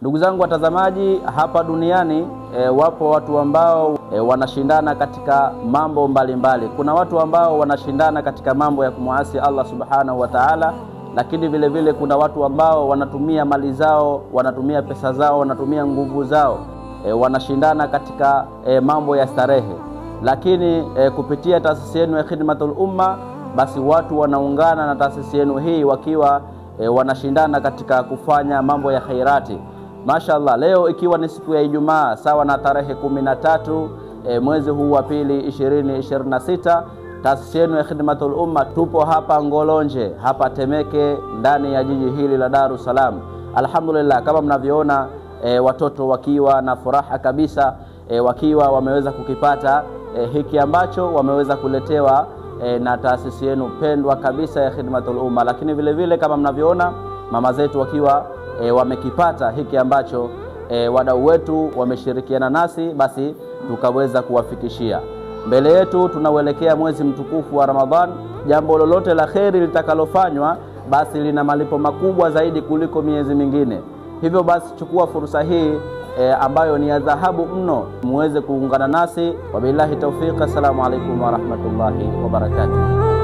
Ndugu zangu watazamaji, hapa duniani e, wapo watu ambao e, wanashindana katika mambo mbalimbali mbali. Kuna watu ambao wanashindana katika mambo ya kumwasi Allah subhanahu wa taala, lakini vile vile kuna watu ambao wanatumia mali zao, wanatumia pesa zao, wanatumia nguvu zao e, wanashindana katika e, mambo ya starehe, lakini e, kupitia taasisi yenu ya Khidmatul Umma basi watu wanaungana na taasisi yenu hii wakiwa e, wanashindana katika kufanya mambo ya khairati. Mashallah, leo ikiwa ni siku ya Ijumaa sawa na tarehe 13 e, eh, mwezi huu wa pili 2026, taasisi yenu ya Khidmatul Umma tupo hapa Ngolonje hapa Temeke ndani ya jiji hili la Dar es Salaam. Alhamdulillah, kama mnavyoona e, watoto wakiwa na furaha kabisa e, wakiwa wameweza kukipata e, hiki ambacho wameweza kuletewa e, na taasisi yenu pendwa kabisa ya Khidmatul Umma, lakini vile vile kama mnavyoona mama zetu wakiwa e, wamekipata hiki ambacho e, wadau wetu wameshirikiana nasi, basi tukaweza kuwafikishia. Mbele yetu tunauelekea mwezi mtukufu wa Ramadhan. Jambo lolote la kheri litakalofanywa basi lina malipo makubwa zaidi kuliko miezi mingine. Hivyo basi chukua fursa hii e, ambayo ni ya dhahabu mno, muweze kuungana nasi. Wabillahi taufiki, assalamu alaikum warahmatullahi wabarakatuh.